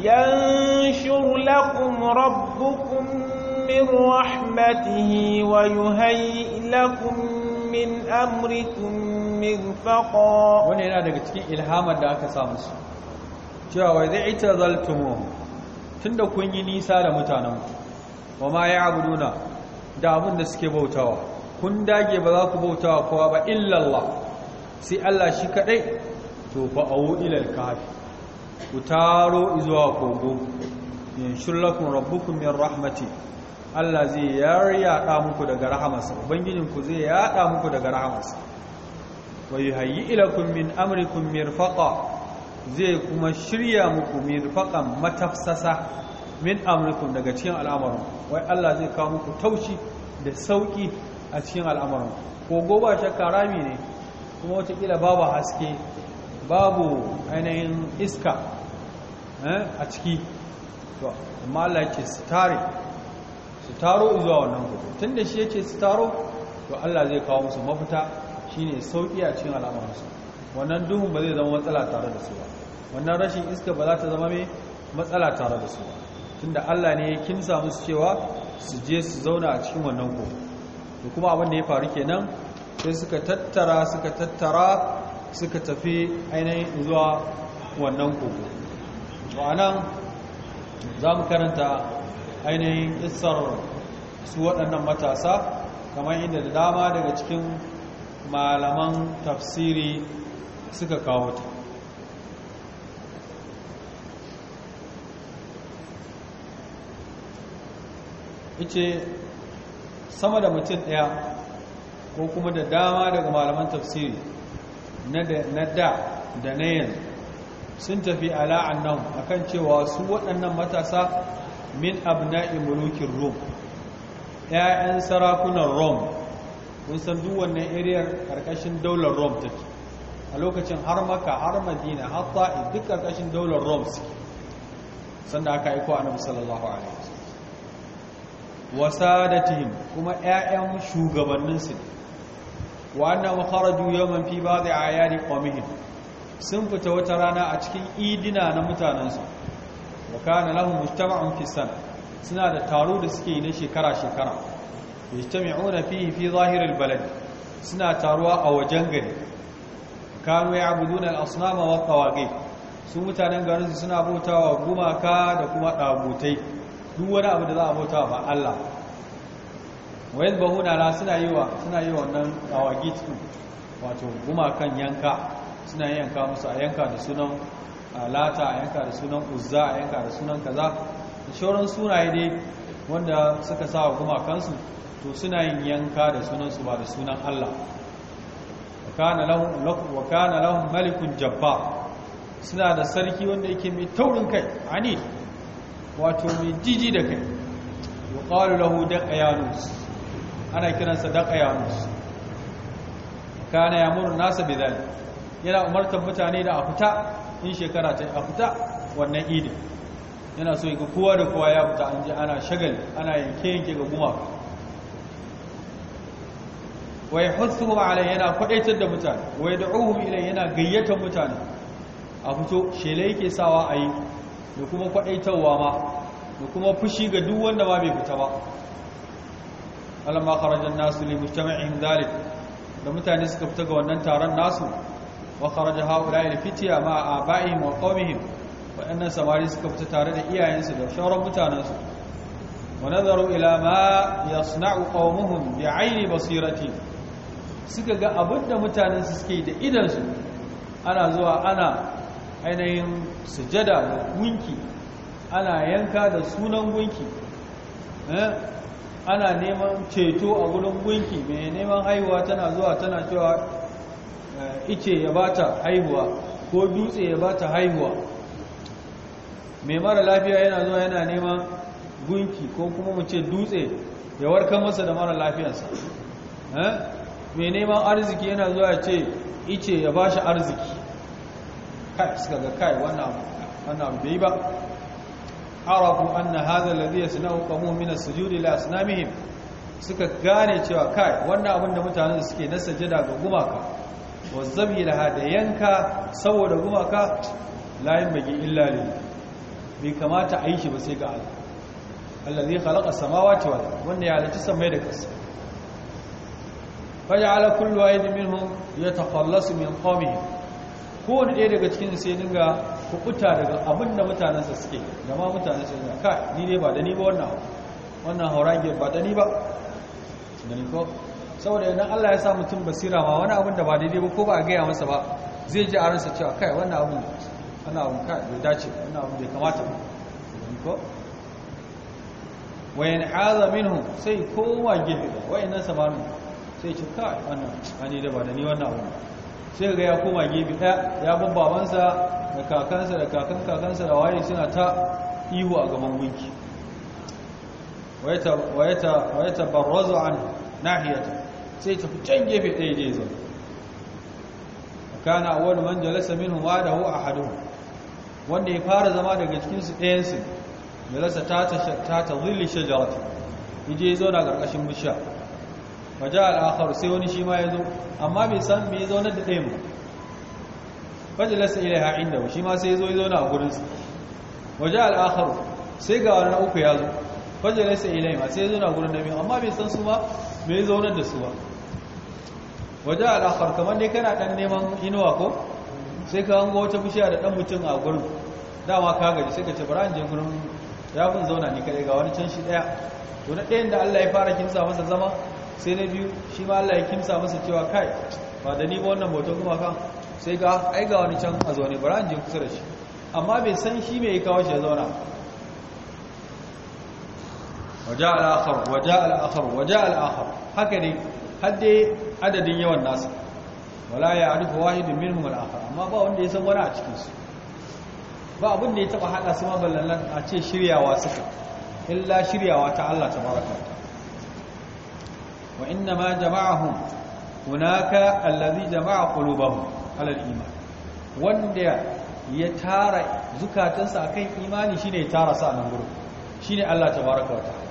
ينشر لكم ربكم من رحمته ويهيئ لكم من أمركم مرفقا wani yana daga cikin ilhamar da aka samu su cewa wai zai ita zaltumo tunda kun yi nisa da mutanen wa ya abuduna da abin da suke bautawa kun dage ba za ku bautawa kowa ba illallah sai Allah shi kaɗai. to fa awu ilal kafi ku taro zuwa kogo yanshur lakum rabbukun min rahmati Allah zai yaɗa muku daga rahamarsa ubangijinku zai yaɗa muku daga rahamarsa wai hayi ilakun min amurikun mirfaqa zai kuma shirya muku mirfaqan matafsasa min amurikun daga cikin al'amarin wai Allah zai kawo muku taushi da sauƙi a cikin al'amarin kogo ba shakka rami ne kuma watakila babu haske babu ainihin iska Eh, a ciki to amma Allah yake su tare su zuwa wannan gobe tunda shi yake su taro to Allah zai kawo musu mafita shine sauki a cikin al'amuransu wannan duhun ba zai zama matsala tare da su ba wannan rashin iska ba za ta zama mai matsala tare da su ba tunda Allah ne ya kimsa musu cewa su je su zauna a cikin wannan gobe to kuma abin da ya faru kenan sai suka tattara suka tattara suka tafi ainihin zuwa wannan kogo wa'anan za mu karanta ainihin isar su waɗannan matasa kamar inda da dama daga cikin malaman tafsiri suka kawo ta ice sama da mutum ɗaya ko kuma da dama daga malaman tafsiri na da da yanzu sun tafi ala annam akan cewa su waɗannan matasa min abna'i mulukin rom ‘ya'yan sarakunan rom kun san duk wannan ariyar ƙarƙashin daular rom take a lokacin har maka har madina har duk ƙarƙashin daular rom suke sanda aka aiko annabi sallallahu alaihi wasadatihim kuma ‘ya'yan shugabanninsu ne wa annam kharaju yawman fi ba'd ayari qawmihim sun fita wata rana a cikin idina na mutanensu wa kana lahum mujtama'un fi sana suna da taro da suke na shekara shekara yajtami'una fihi fi zahir balad suna taruwa a wajen gari kanu ya'buduna al-asnama wa tawaghi su mutanen garin su suna bautawa gumaka da kuma dabutai duk wani abu da za a bautawa ba Allah wa yadbahuna la suna yi wa suna yi wannan wato gumakan yanka suna yanka musu a yanka da sunan lata a yanka da sunan uzza a yanka da sunan kaza da shauran sunaye dai wanda suka sa wa kansu, to suna yin yanka da sunansu ba da sunan Allah wa kana lahum malikun jabba suna da sarki wanda yake mai taurin kai ani wato mai jiji da kai wa qalu lahu daqayanus ana kiransa daqayanus kana yamuru nasa bidhalik yana umartar mutane da a fita in shekara ta a fita wannan idin yana so ga kowa da kowa ya fita an ji ana shagali ana yanke-yanke ga gumaka wai hussuhum alai yana kwadaitar da mutane wai da'uhum ilai yana gayyatar mutane a fito shela yake sawa a yi da kuma kwadaitarwa ma da kuma fushi ga duk wanda ba bai fita ba alamma kharajan nasu li mujtama'in zalik da mutane suka fita ga wannan taron nasu wa kharaja haula ila fitiya ma abaihim wa qawmihim waɗannan samari suka fita tare da iyayensu da shauran mutanensu wa nazaru ila ma yasna'u qawmuhum bi 'aini basirati suka ga abin da su suke da su. ana zuwa ana ainihin sujada da gunki ana yanka da sunan gunki ana neman ceto a gurin gunki mai neman haihuwa tana zuwa tana cewa ice ya ba ta haihuwa ko dutse ya ba ta haihuwa mai mara lafiya yana zuwa yana neman gunki ko kuma mu ce dutse ya warka masa da mara lafiyarsa eh? mai neman arziki yana zuwa ya ce ice ya ba shi arziki kai suka ga kai wannan abu bai ba arafu anna hadha alladhi yasna'u qawmun min as-sujudi li asnamihim suka gane cewa kai wannan abin da mutanen suke na sajada ga gumaka wazzabi da hada yanka saboda gumaka layin bagi illa ne bai kamata a yi shi ba sai ga Allah Allah zai halaka samawa ta wala wanda ya halarci samai da kasa faja ala kullu wahid minhum yataqallasu min komi ko ɗaya daga cikin sai dinga kukuta daga abinda mutanensa suke da ma mutanen yana dinga kai ni ne ba da ni ba wannan wannan hauragiyar ba da ni ba da ni ba. saboda idan Allah ya sa mutum basira ma wani abin da ba daidai ba ko ba a gaya masa ba zai ji a ransa cewa kai wannan abin ana abin kai da dace wannan abin bai kamata ba ko wayan haza minhu sai kowa gefe da wayannan samanu sai ce kai wannan ani da ba da ni wannan abin sai ga ya koma gefe ɗaya ya bin babansa da kakansa da kakan kakansa da waye suna ta ihu a gaban gunki wayata wayata wayata barrazu an nahiyata sai tafi can gefe ɗaya je zai kana awwal man da hu a hadu wanda ya fara zama daga cikinsu ɗayensu da lasa jalasa ta ta zili zilli ya je zauna ƙarƙashin bishiya ba al al'akar sai wani shi ma ya zo, amma bai san me ya zauna da ɗayan ba fajalasa ilaiha inda shi ma sai zo ya zauna a gurin ba waja al'akar sai ga wani uku yazo fajalasa ilaiha sai ya a gurin da nabi amma bai san su ma me ya zauna da su ba waje al'akar kamar ne kana dan neman inuwa ko sai ka hango wata bishiya da dan mutum a gurin dama ka gaji sai ka ce bara je gurin ya kun zauna ni kaɗai ga wani can shi daya to na ɗayan da Allah ya fara kimsa masa zama sai na biyu shi ma Allah ya kimsa masa cewa kai ba da ni ba wannan hoton kuma kan sai ga ai ga wani can a zaune bara je kusa da shi amma bai san shi me kawo shi ya zauna waja al-akhar waja al-akhar waja al-akhar haka ne hadde adadin yawan nasa wala ya arifu wahidin minhum al-akhar amma ba wanda ya san wani a cikin su ba abin da ya taba hada su ma ballan a ce shiryawa suka illa shiryawa ta Allah tabaraka wa inna ma jama'ahum hunaka allazi jama'a qulubahum ala al-iman wanda ya tara zukatansa akan imani shine ya tara sa nan gurin shine Allah tabaraka wa ta'ala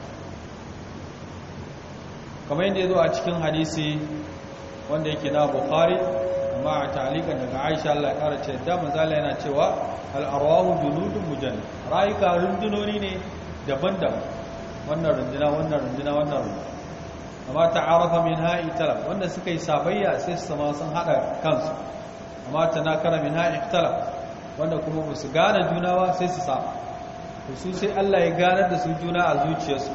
kamar yadda ya zo a cikin hadisi wanda yake na bukari amma a talika daga aisha allah kara ce da mazala yana cewa al'arwahu junudun mujan rayuka rundunoni ne daban-daban wannan runduna wannan runduna wannan rundina amma ta arafa min ha'i talab wanda suka yi sabayya sai su sama sun haɗa kansu amma ta na kara min ha'i talab wanda kuma ba su gane juna ba sai su sa su sai allah ya gane da su juna a zuciyarsu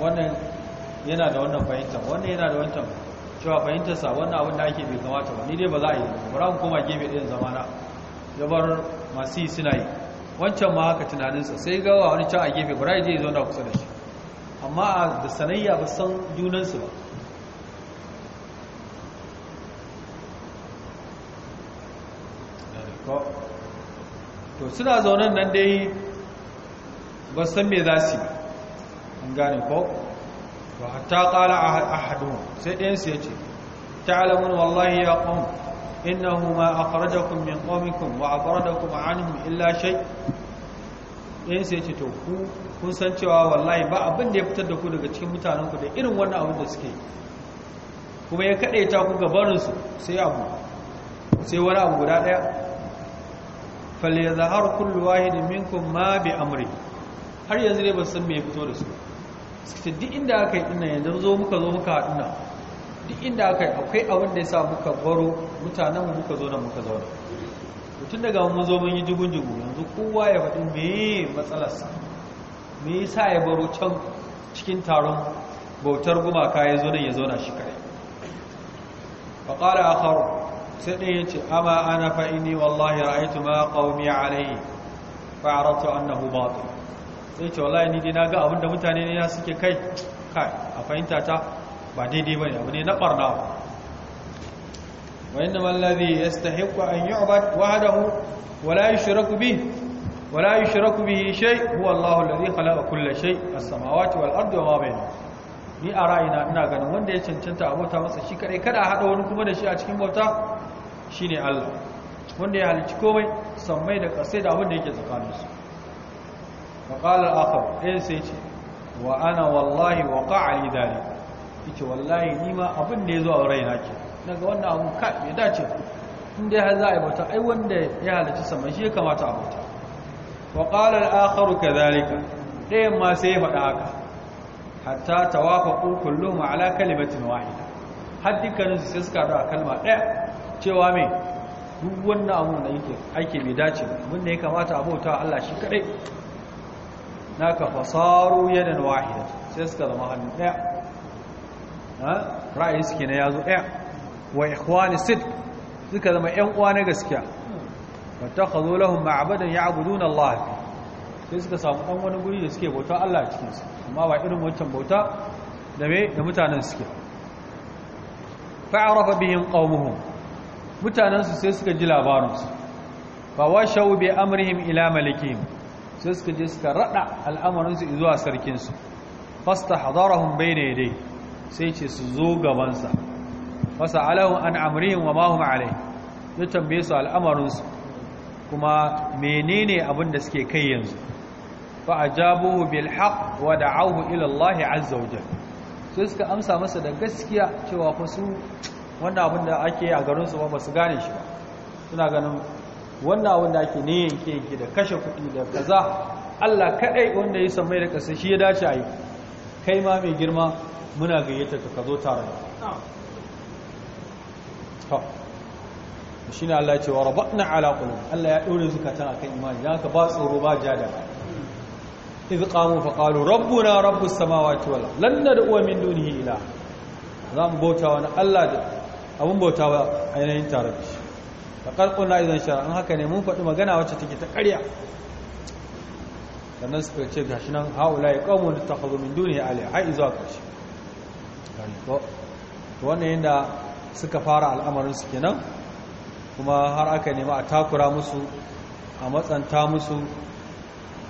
wannan yana da wannan fahimtar wannan yana da wancan cewa fahimtarsa wannan abin da ake bai kamata ba ni dai ba za a yi ba mu koma gefe ɗin zamana ya bar masu yi suna yi wancan ma haka tunaninsa sai gawa wani can a gefe bara ya je ya zauna kusa da shi amma da sanayya ba san junansu ba to suna zaunan nan dai ba san me za su yi an gane ko wa hatta qala ahadu sai ɗayan sai ce ta'lamun wallahi ya qawm innahu ma akhrajakum min qawmikum wa akhrajakum anhum illa shay ɗayan sai ce to ku kun san cewa wallahi ba abin da ya fitar da ku daga cikin mutanenku da irin wannan abin da suke kuma ya kade ta ku gabarin su sai abu sai wani abu guda daya falle ya kullu wahidin minkum ma bi amri har yanzu ne ba san me ya fito da su suka duk inda aka yi ina yanzu zo muka zo muka haɗu duk inda aka yi akwai abin da ya sa muka baro mutanen mu muka zo nan muka zo mutum daga mun zo mun yi jugun jugu yanzu kowa ya faɗi me matsalarsa me sa ya baro can cikin taron bautar gumaka ya zo nan ya zauna shi kare fa a karo sai ɗaya ya ce ama ana fa wallahi ma qaumi alayhi sai ce wallahi ni dai na ga abinda mutane ne na suke kai kai a fahimta ta ba daidai bane abu ne na barna wa inna allazi yastahiqu an yu'bad wahdahu wa la yushraku bi wa la yushraku bihi shay huwa Allahu allazi khalaqa kulla shay as-samawati wal ardi wa ma bainahuma ni a ra'ina ina ganin wanda ya cancanta a bauta masa shi kadai kada hada wani kuma da shi a cikin bauta shine Allah wanda ya halicci komai sammai da kasai da abin da yake tsakaninsu فقال الآخر إيه سيتي وأنا والله وقع لي ذلك yace wallahi ni ma abin da ya zo a raina ke daga wannan abu ka bai dace in dai har za a yi bauta ai wanda ya halarci sama shi ya kamata a bauta wa qala al-akharu kadhalika dayan ma sai ya faɗa haka hatta tawafaqu kulluhum ala kalimatin wahida har dukkanin su sai suka da kalma ɗaya cewa me duk wannan abu da yake ake bai dace ba abin ya kamata a bauta Allah shi kadai naka fasaru yadan wahida sai suka zama hannu daya ra'ayi suke na yazo daya wa ikhwani sid suka zama yan uwa na gaskiya fattakhadhu lahum ma'badan ya'buduna Allah sai suka samu dan wani guri da suke bauta Allah cikin su amma ba irin wancan bauta da me da mutanen suke fa'arafa bihim qaumuhum mutanen su sai suka ji labarin su fa washaw bi amrihim ila malikihim sai suka je suka rada al'amarinsu zuwa sarkinsu fasta hadarahun bai ne dai sai ce su zo gabansa fasa alahun an amrihin wa mahum alai ya tambaye su al'amarinsu kuma menene abin da suke kai yanzu fa ajabuhu bil haqq wa da ila Allah azza wa sai suka amsa masa da gaskiya cewa fa su wannan abin da ake a garin su ba su gane shi ba suna ganin wannan abin da ake ne yanke yanke da kashe kudi da kaza Allah kaɗai wanda ya samai da kasa shi ya dace a yi kai ma mai girma muna gayyata ka ka zo tare da shi na Allah wa rabatna ala qulub Allah ya dore zukatan akan imani dan ka ba tsoro ba jada iz qamu fa qalu rabbuna rabbus samawati wal ard lan nad'u min dunihi ila mu bauta wa Allah da abun bauta ba ainihin tare da shi faqad qulna idan shara an haka ne mun faɗi magana wacce take ta ƙarya sannan suka ce shi nan haula ya qawmun takhadhu min dunihi aliya ai zuwa kashi to wannan yadda suka fara al'amarin su kenan kuma har aka nema a takura musu a matsanta musu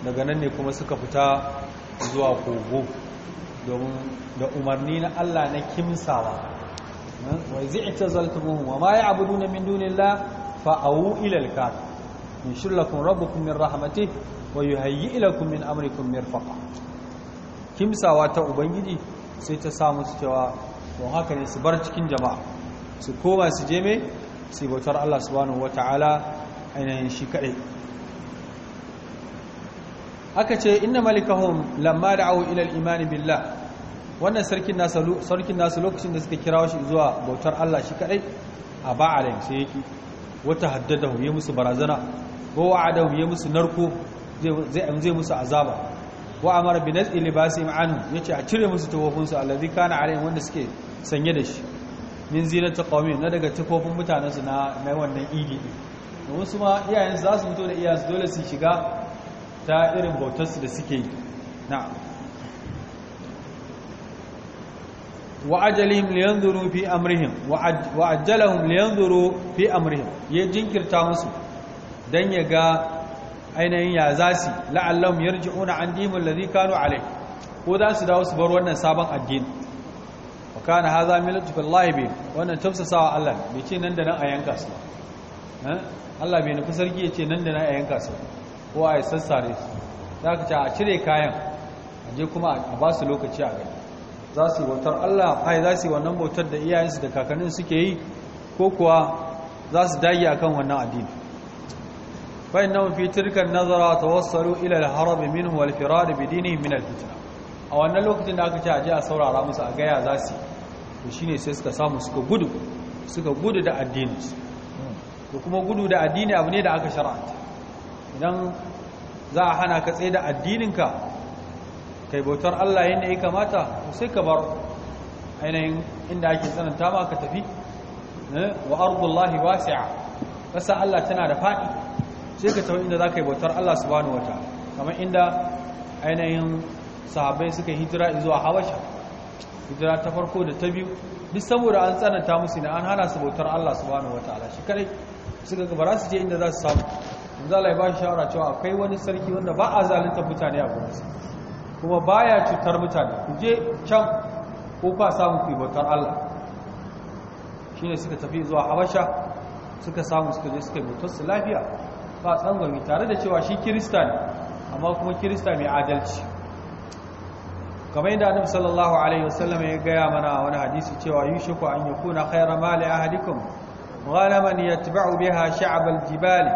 daga nan ne kuma suka fita zuwa kogo domin da umarni na Allah na kimsawa hmm? Wai zai ita zaltumuhu wa ma ya abudu na min duniya? fa'awu ilal kaf yushir lakum rabbukum min rahmati wa yuhayyi lakum min amrikum mirfaqa kimsawa ta ubangiji sai ta samu su cewa don haka ne su bar cikin jama'a su koma su je mai su bautar Allah subhanahu wata'ala ainihin shi kadai aka ce inna malikahum lamma da'u ila al-iman billah wannan sarkin nasu sarkin nasu lokacin da suka kirawo shi zuwa bautar Allah shi kadai a ba'alin sai yake wata haddada ya musu barazana ko wa'ada ya musu narko zai musu azaba wa amara bi naz'i libasihim ya yace a cire musu tawafin su allazi kana alaihim wanda suke sanye da shi min ta qaumin na daga tafofin mutanen na mai wannan idi Da wasu ma iyayen za su fito da iyayensu dole su shiga ta irin bautar su da suke yi na'am wa ajalihim liyanzuru fi amrihim wa ajjalahum liyanzuru fi amrihim ya jinkirta musu dan ya ga ainihin ya zasi la'allahum yarji'una an dimul ladhi kanu alayh ko za su dawo su bar wannan sabon addini wa kana hadha min lutfillahi bi wannan tafsasawa Allah bai ce nan da nan a su su eh? Allah bai nufi sarki ya ce nan da nan a su ko a sassare su za ka ce a cire kayan a je kuma a ba su lokaci a gani za su yi bautar Allah ai za su yi wannan bautar da iyayensu da kakannin suke yi ko kuwa za su dage akan wannan addini fa innahu fi tilka an-nazara tawassalu ila al-harab minhu wal firad bi dinihi min al a wannan lokacin da aka ce a je a saurara musu a gaya za su shi ne sai suka samu suka gudu suka gudu da addininsu da kuma gudu da addini abu ne da aka shara'anta idan za a hana ka tsaye da addininka kai bautar Allah yadda ya kamata sai ka bar ainihin inda ake tsananta ma ka tafi eh, wa ardullahi wasi'a ƙasa Allah tana da faɗi sai ka tafi inda za ka yi bautar Allah subhanahu wata kamar inda ainihin sahabai suka hijira zuwa habasha hijira ta farko da ta biyu duk saboda an tsananta musu ne an hana su bautar Allah subhanahu wataala shi kadai suka ga bara su je inda za su samu manzo Allah ya ba shawara cewa akwai wani sarki wanda ba a zalunta mutane a gurinsa kuma baya cutar mutane ku je can ko ka samu ku bautar Allah shine suka tafi zuwa Habasha suka samu suka je suka bautar su lafiya ba tsangwami tare da cewa shi kirista ne amma kuma kirista mai adalci kamar yadda annabi sallallahu alaihi wasallam ya gaya mana wani hadisi cewa yushiku an yakuna khayra mali ahadikum ghalaman yatba'u biha sha'ab al-jibal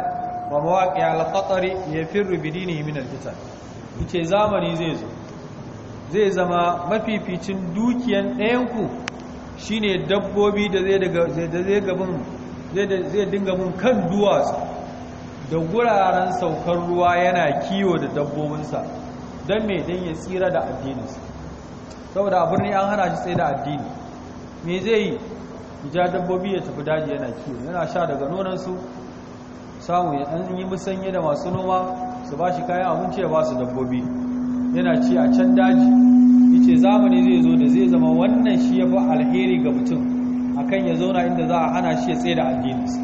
wa mawaqi'a al-qatar yafirru bi dinihi min al-fitan ce zamani zai zo zai zama mafificin dukiyan ɗayanku shine dabbobi da zai dinga mun kan duwatsu da wuraren saukar ruwa yana kiwo da dabbobinsa don mai don ya tsira da addininsa saboda a birni an hana shi tsaye da addini me zai yi ija dabbobi ya tafi daji yana kiwo yana sha daga nonansu samu yanzu yi musanye da masu noma su ba shi kayan abinci ya ba su dabbobi yana ci a can daji yace zamani zai zo da zai zama wannan shi ya fi alheri ga mutum akan ya zauna inda za a hana shi ya tsaye da addininsa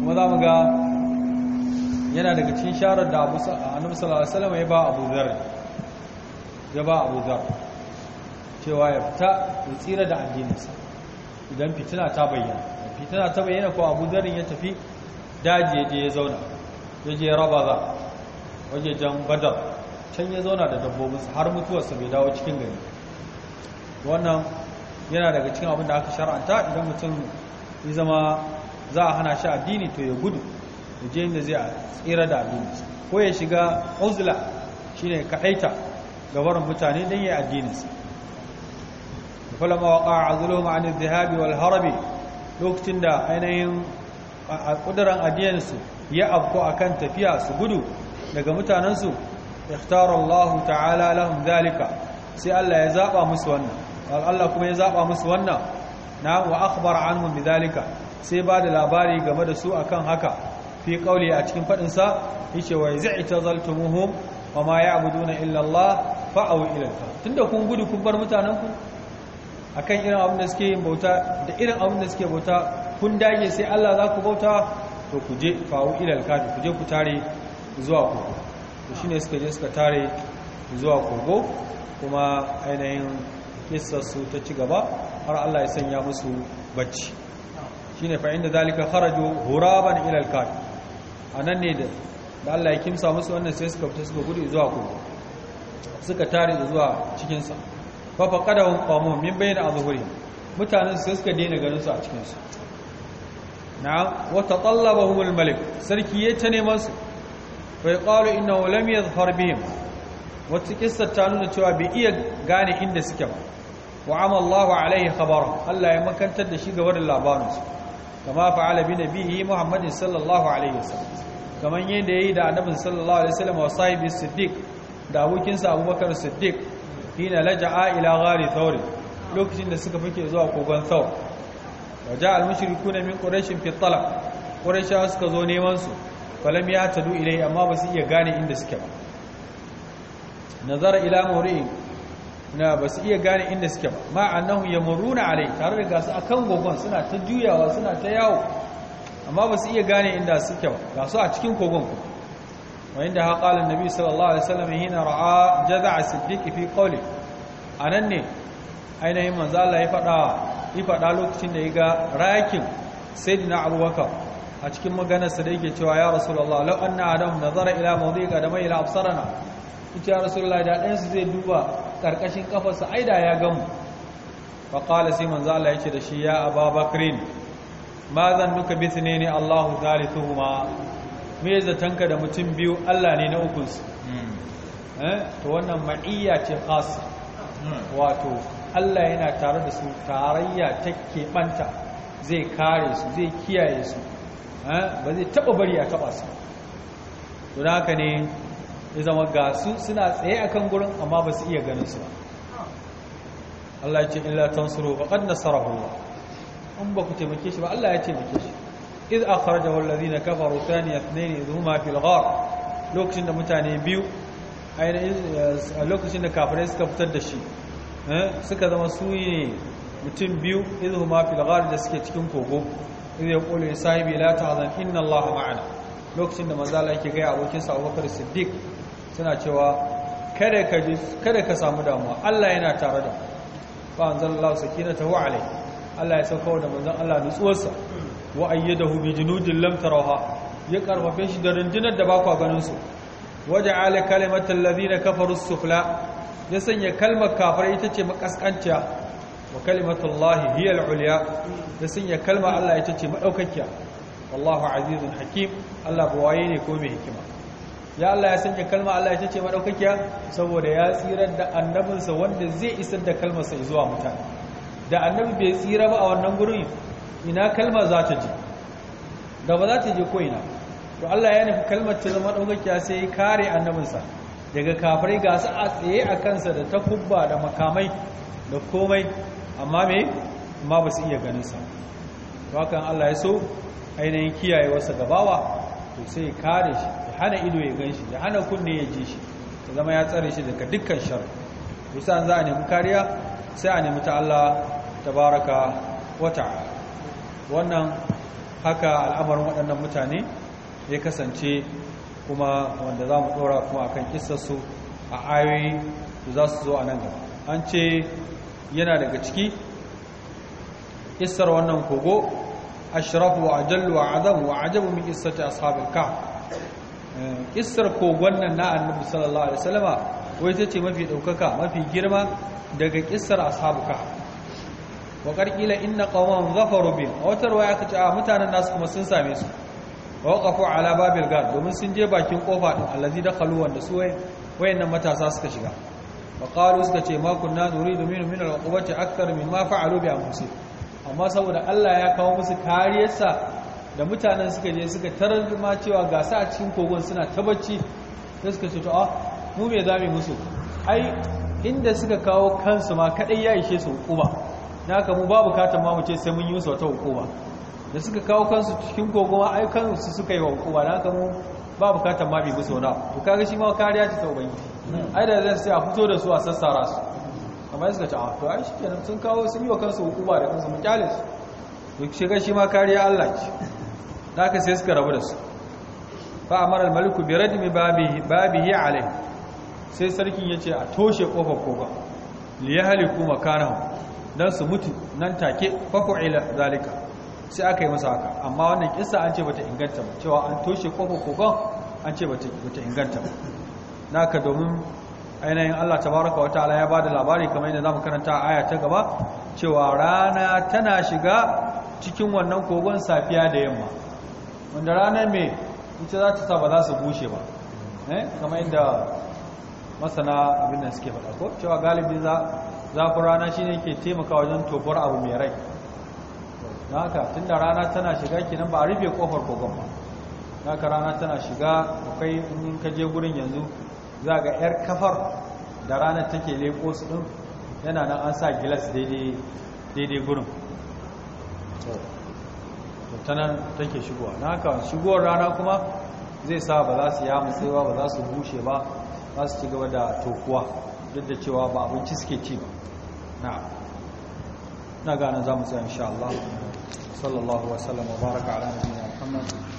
kuma za mu ga yana daga cikin sharar da abu sallallahu alaihi wasallam ya ba abu zar ya ba abu zar cewa ya fita ya tsira da addininsa idan fitina ta bayyana fitina ta bayyana ko abu dharin ya tafi daji ya je ya zauna ya je rabaza wajejen badar can ya zauna da dabbobinsa har mutuwarsa bai dawo cikin gari wannan yana daga cikin abin da aka shara'anta idan mutum ya zama za a hana shi addini to ya gudu ya je inda zai tsira da addini ko ya shiga uzla shine ga gabarin mutane don ya addininsa falama waƙa a zuloma ma'ani zahabi wal harabi lokacin da ainihin a addinin addininsu ya a akan tafiya su gudu daga mutanensu ikhtarallahu ta'ala lahum dalika. sai Allah ya zaba musu wannan Allah kuma ya zaba musu wannan na wa akhbar anhum bidhalika sai ba da labari game da su akan haka fi qauli a cikin fadin sa yace wa yaz'itazaltumuhum wa ma ya'buduna illa Allah fa'u ila tunda kun gudu kun bar mutanenku akan irin abin da suke yin bauta da irin abin da suke bauta kun dage sai Allah za ku bauta to ku je fawo ilal kafi ku je ku tare zuwa kogo to shine suka je suka tare zuwa kogo kuma ainihin kissarsu ta ci gaba har Allah ya sanya musu bacci shine fa inda zalika kharaju huraban ilal kafi anan ne da Allah ya kimsa musu wannan sai suka fita suka gudu zuwa kogo suka tare zuwa cikin sa fa faqadahum qawmun min bayna azhuri mutanen sai suka dena ganin su a cikin su na wata tsallaba humul malik sarki ya ta neman su bai ƙwaro ina walamiyar harbihim wata kistar ta nuna cewa bai iya gane inda suke ba wa amallahu alaihi khabara Allah ya makantar da shi ga wannan labarin su kama fa'ala bi nabiyhi Muhammadin sallallahu alaihi wasallam kaman yadda yayi da annabin sallallahu alaihi wasallam wa sahibi siddiq da abokin sa Abubakar siddiq hina laja'a ila ghari thawr lokacin da suka fike zuwa kogon thawr waja al-mushrikuna min quraishin fi suka zo neman su falam ya tadu ilai amma ba su iya gane inda suke ba nazara ila mawri'in na ba su iya gane inda suke ba ma annahum yamuruna alai tare da gasu akan gogon suna ta juyawa suna ta yawo amma ba su iya gane inda ba gasu a cikin kogon ku wa inda ha qala annabi sallallahu alaihi wasallam hina ra'a jaza'a siddiq fi qawli anan ne ainihin manzo Allah ya faɗa yi faɗa lokacin da ya ga rakin saidina abubakar a cikin maganarsa da yake cewa ya rasulullah law anna adam nazara ila mawdi'i qadamai ila absarana ita ya rasulullah da ɗansu zai duba ƙarƙashin kafarsa sa aida ya gamu fa qala sai manzo Allah yace da shi ya ababakrin ma duka bisne ne Allahu thalithuhuma me zatanka da mutum biyu Allah ne na hmm. Eh, to wannan ma'iyya ce khas hmm. wato Allah yana tare da su tarayya ta keɓanta zai kare su zai kiyaye su ba zai taɓa bari a taɓa su don haka ne ya zama ga su suna tsaye a kan gurin amma ba su iya ganin su ba Allah ya ce illa tansuru faqad nasarahu in ba ku taimake shi ba Allah ya taimake shi iz akhrajahu alladhina kafaru thaniya ithnain idhuma fil ghar lokacin da mutane biyu a eh, lokacin da kafirai suka fitar da shi Eh, suka zama su ne mutum biyu izu ma fil da suke cikin kogo izu ya kulu ya sahibi la tahzan inna allaha ma'ana lokacin da maza Allah ke gaya abokin sa Abubakar Siddiq suna cewa kada ka samu damuwa Allah yana tare da fa kina ta alayhi Allah ya sauka da manzan Allah nutsuwarsa wa ayyadahu bi junudin lam tarawha ya karfafe shi da rundunar da ba ku ganin su waja'ala kalimatal ladina kafaru sufla ya sanya kalmar kafar ita ce makaskanciya wa kalimatullahi hiya al-ulya ya sanya kalmar Allah ita ce maɗaukakiya. wallahu azizun hakim Allah waye ne ko mai hikima ya Allah ya sanya kalmar Allah ita ce maɗaukakiya saboda ya tsirar da annabinsa wanda zai isar da kalmar sai zuwa mutane da annabi bai tsira ba a wannan gurin ina kalmar za ta je da ba za ta je ko ina to Allah ya nufi kalmar ta zama madaukakiya sai ya kare annabinsa daga kafirai ga su a tsaye a kansa da takubba da makamai da komai amma me amma ba su iya ganinsa wakan Allah ya so ainihin kiyaye wasa gabawa to sai kare shi ya hana ido ya gan shi ya hana kunne ya ji shi ta zama ya tsare shi daga dukkan shar bisa za a nemi kariya sai a nemi ta Allah ta baraka wata wannan haka al'amarin waɗannan mutane ya kasance kuma wanda za mu ɗora kuma a akan kisarsu a ayoyi za su zo a nan gaba an ce yana daga ciki kisar wannan kogo ashrafu wa ajallu wa azam wa ajabu min kissati ashabil ka. Eh, kisar kogon nan na annabi sallallahu alaihi wasallama wai ta ce mafi ɗaukaka mafi girma daga kisar ashabu kahf wa karkila inna qauman zafaru a wata ruwaya aka ce a mutanen nasu kuma sun same su waƙafu ala babil gar domin sun je bakin kofa ɗin allazi da wanda su wayannan matasa suka shiga faqalu suka ce ma kunna nuridu minhum min alqubati akthar mimma fa'alu bi amma saboda Allah ya kawo musu kariyarsa da mutanen suka je suka tarar ma cewa ga sa a cikin kogon suna ta bacci sai suka ce to ah mu me mu musu ai inda suka kawo kansu ma kaɗai ya ishe su hukuma naka mu babu katon ma mu ce sai mun yi musu wata hukuma da suka kawo kansu cikin gogoma ai kansu suka yi wa hukuma na kamo ba bukatar ma bai musu na to kaga shi ma kariya ce ta ubangiji ai da zai sai a fito da su a sassara su amma suka ci a ah, to ai shi kenan sun kawo sun yi wa kansu hukuma da kansu mutale su to shiga shi ma kariya Allah ce da aka sai suka rabu da su fa amara al-maliku bi radmi babihi yi alayhi sai sarkin ya ce a toshe kofar kofar liya halikuma kanahu dan su mutu nan take fa zalika sai aka yi masa haka amma wannan kisa an ce bata inganta ba cewa an toshe kofar kogon an ce bata inganta ba na ka domin ainihin Allah tabaraka wa ta'ala ya ba da labari kamar yadda zamu karanta aya ta gaba cewa rana tana shiga cikin wannan kogon safiya da yamma wanda rana mai ita za ta sa ba za su bushe ba eh, kamar yadda masana abin da suke faɗa ko cewa galibi za ku rana shine ke taimaka wajen tofar abu mai rai don haka tun da rana tana shiga nan ba a rufe kofar kogon ba haka rana tana shiga kai in ka je gurin yanzu za ga 'yar kafar da ranar take leko su ɗin yana nan an sa gilas daidai gurin ta nan take shigowa na haka shigowar rana kuma zai sa ba za su yamu tsewa ba za su bushe ba za su ci gaba da tokuwa duk da cewa ba abinci suke ci ba na na gane za mu tsaye insha Allah صلى الله وسلم وبارك على نبينا محمد